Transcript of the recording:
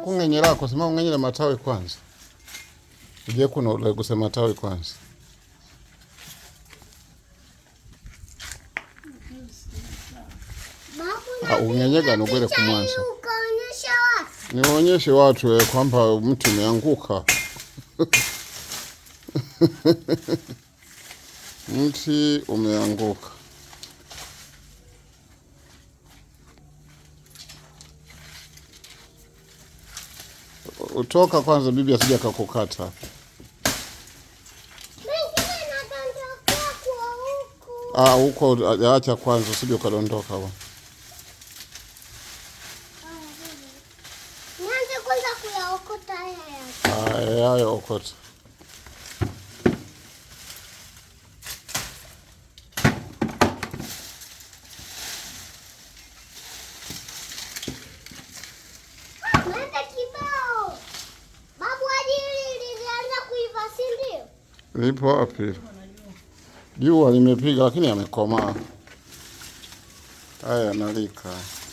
kungenyerako sema ung'enyere matawi kwanza ujye kuno ulaguse matawi kwanza ah, ung'enyegana ugwere kumwanzo niwaonyeshe watu eh, kwamba mtu umeanguka mti umeanguka utoka kwanza, bibi asija kakukata. Ah, huko acha kwanza, usije ukadondoka huko. kwanza haya. Haya okota. Lipo wapi? Jua limepiga lakini amekoma Haya, nalika.